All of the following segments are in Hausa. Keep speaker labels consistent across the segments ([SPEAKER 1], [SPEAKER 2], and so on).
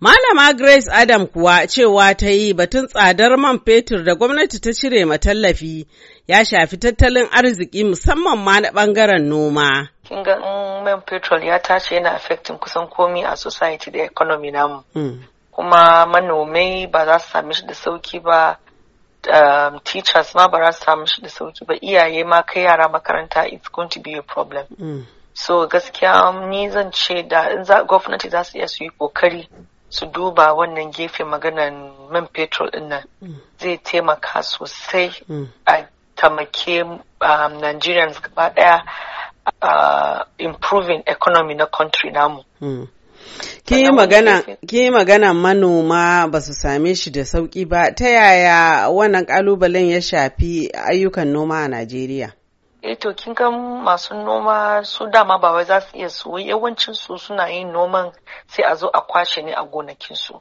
[SPEAKER 1] Malama Grace Adam kuwa cewa ta yi batun tsadar man fetur da gwamnati ta cire matallafi ya shafi tattalin arziki musamman ma na ɓangaren noma.
[SPEAKER 2] Kin ga man fetur ya tashi yana affecting kusan komi a society da economy namu. Hmm. Kuma manomai ba za su sami shi da sauki ba, um, teachers ma ba za su sami shi da sauki ba, iyaye ma kai yara makaranta it's going to be a problem. Hmm. So gaskiya ni zan ce da gwamnati za su iya su yi kokari. su duba wannan gefe maganan man fetur nan mm. zai taimaka sosai mm. a tamake um, nigerians gaba daya improving economy na country namu
[SPEAKER 1] mm. Ki magana manoma ba su same shi da sauƙi ba ta yaya wannan ƙalubalen ya shafi ayyukan noma a Najeriya?
[SPEAKER 2] eh to kin ga masu noma su dama ba wai za su iya su yawancin su suna yin noman sai a zo a kwashe ne a gonakin su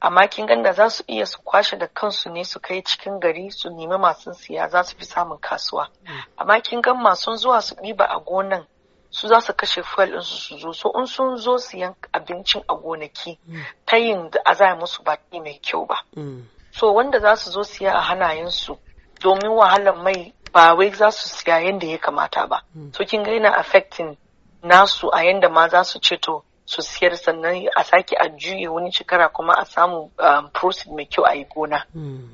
[SPEAKER 2] amma kin ga da za su iya su kwashe da kansu ne su kai cikin gari su nemi masu siya za su fi samun kasuwa mm. amma kin ga masu zuwa su ɗiba a gonan su za su kashe fuel ɗinsu su zo so in sun zo siyan abincin a gonaki mm. ta yin a za musu ba mai kyau ba mm. so wanda za su zo siya a hanayensu domin wahalar mai ba wai za su siya yadda ya kamata ba hmm. so kin ga yana affecting nasu a yadda ma za su to su siyar sannan a sake a juye wani shekara kuma a samu um, proceed mai kyau a yi gona hmm.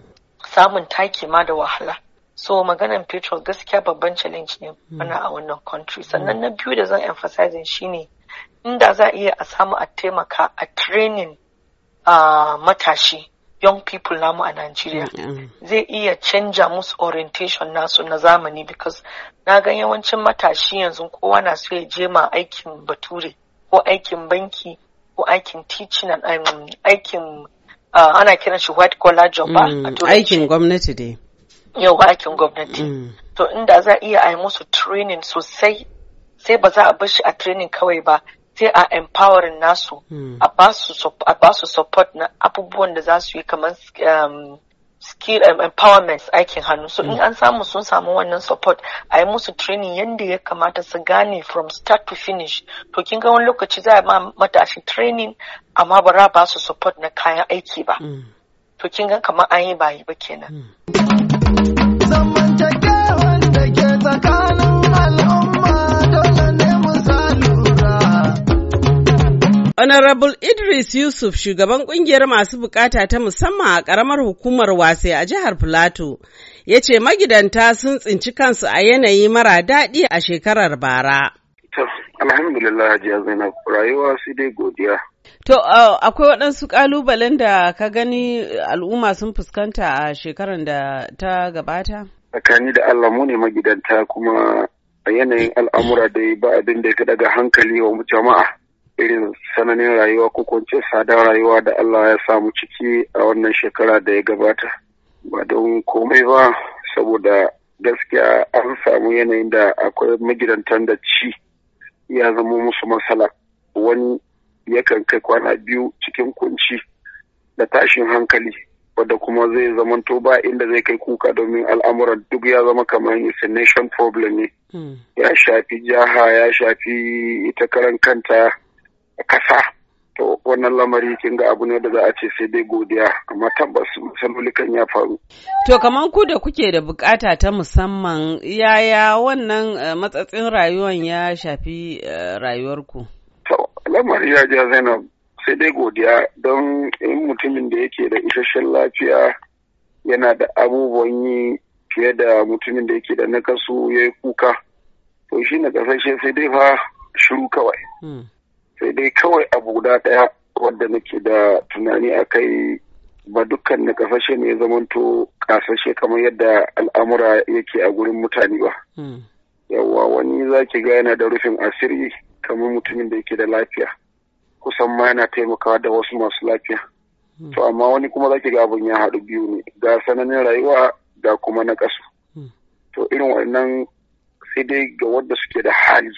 [SPEAKER 2] samun taki ma da wahala so maganan petrol gaskiya babban challenge ne hmm. mana a wannan country sannan na biyu da zan emphasizing shine inda za a iya a samu a taimaka a training uh, matashi young people namu a Najeriya mm, mm. zai iya canja musu orientation nasu na zamani because na ga yawancin matashi yanzu kowa na so ya je ma aikin bature ko aikin banki ko aikin teaching and um, aikin uh, ana kiran shi white collar job mm, a aikin
[SPEAKER 1] gwamnati dai
[SPEAKER 2] yau aikin gwamnati to inda za a iya ai musu training sosai sai ba za a bar shi a training kawai ba sai a empowering nasu hmm. a ba su support na abubuwan da za su yi kamar um, skill and um, empowerment aikin hannu so in hmm. an samu sun samu wannan support a yi musu training yadda ya kamata su gane from start to finish to kin ga wani lokaci za a ma matashi training amma ba ba su support na kayan aiki ba hmm. to kin ga kamar an yi ba yi ba kenan
[SPEAKER 1] Honorable Idris Yusuf shugaban kungiyar masu bukata ta musamman a karamar hukumar wase a jihar Filato ya ce magidanta sun tsinci kansu a yanayi mara daɗi a shekarar bara.
[SPEAKER 3] Alhamdulillah Hajiya Zainab rayuwa su dai godiya.
[SPEAKER 1] To akwai waɗansu ƙalubalen da ka gani al'umma sun fuskanta a shekarar da ta gabata?
[SPEAKER 3] Tsakani da Allah mu ne magidanta kuma a yanayin al'amura dai ba abin da ya daga hankali wa jama'a. irin sananin rayuwa ko kwance sadar rayuwa da Allah ya samu ciki a wannan shekara da ya gabata ba don komai ba saboda gaskiya an samu yanayin da akwai magidantan da ci ya zama musu matsala wani yakan kai kwana biyu cikin kunci da tashin hankali wadda kuma zai zamanto ba inda zai kai kuka domin al'amuran duk ya zama kamar nation problem ne hmm. ya shafi jaha ya shafi ita karan kanta kasa to wannan lamari kin ga abu ne da za a ce sai dai godiya amma tabbas matsaloli kan ya faru
[SPEAKER 1] to kaman ku da kuke da bukata ta musamman yaya wannan eh, matsatsin rayuwar ya
[SPEAKER 3] shafi eh, ku to lamari ya ja zainab sai dai godiya don in mutumin da yake da isasshen lafiya yana da abubuwan yi fiye da mutumin da yake da nakasu ya yi kuka to shi na kasashe sai dai fa shiru kawai hmm. sai dai kawai abu guda ɗaya wanda nake da tunani a kai ba dukkan na kasashe ne ya zamanto kasashe kamar yadda al'amura yake a gurin mutane ba. Hmm. Yawwa wani za ki ga yana da rufin asiri kamar mutumin da yake da lafiya. Kusan ma yana taimakawa da wasu masu lafiya. Hmm. To amma wani kuma za ki ga abin ya haɗu biyu ne ga sananin rayuwa ga kuma na kasu. Hmm. To irin wannan sai dai ga wanda suke da hali.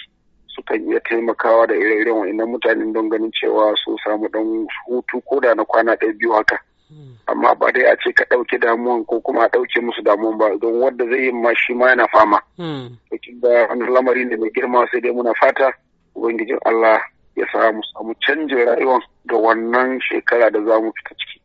[SPEAKER 3] sukan iya taimakawa da ire-iren wa'annan mutanen don ganin cewa sun samu dan hutu ko da na kwana ɗaya biyu haka amma ba dai a ce ka ɗauke damuwan ko kuma a ɗauke musu damuwan ba don wanda zai yi ma shi ma yana fama. Cikin hmm. da wani lamari ne mai girma sai dai muna fata Ubangijin Allah ya samu samu canjin rayuwan ga wannan shekara da za mu fita ciki.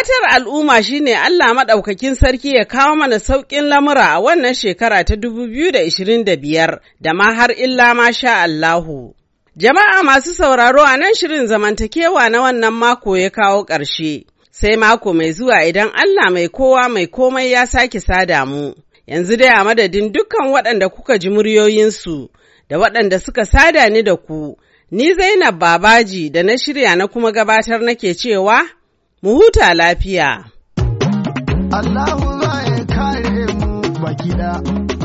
[SPEAKER 1] Fatar al'umma shine Allah maɗaukakin sarki ya kawo mana sauƙin lamura a wannan shekara ta 2025 da da da biyar, ma har illa ma sha Allahu. Jama'a masu sauraro a nan shirin zamantakewa na wannan mako ya kawo ƙarshe, sai mako mai zuwa idan Allah mai kowa mai komai ya sake sada mu. Yanzu dai a madadin dukkan waɗanda kuka ji muryoyinsu da waɗanda suka sada ni da ku, ni Zainab Babaji da na shirya na kuma gabatar nake cewa. mu huta lafiya. Allahu za ya kare mu baki ɗaya.